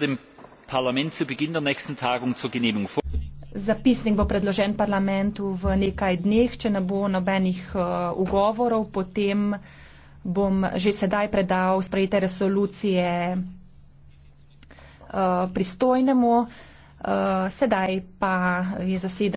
dem parlament zu Beginn der nächsten Tagung zur Genehmigung Zapisnik bo predložen parlamentu v nekaj dneh, če ne bo nobenih uh, ugovorov, potem bom že sedaj predal sprejete resolucije uh, pristojnemu. Uh, sedaj pa je zaseden.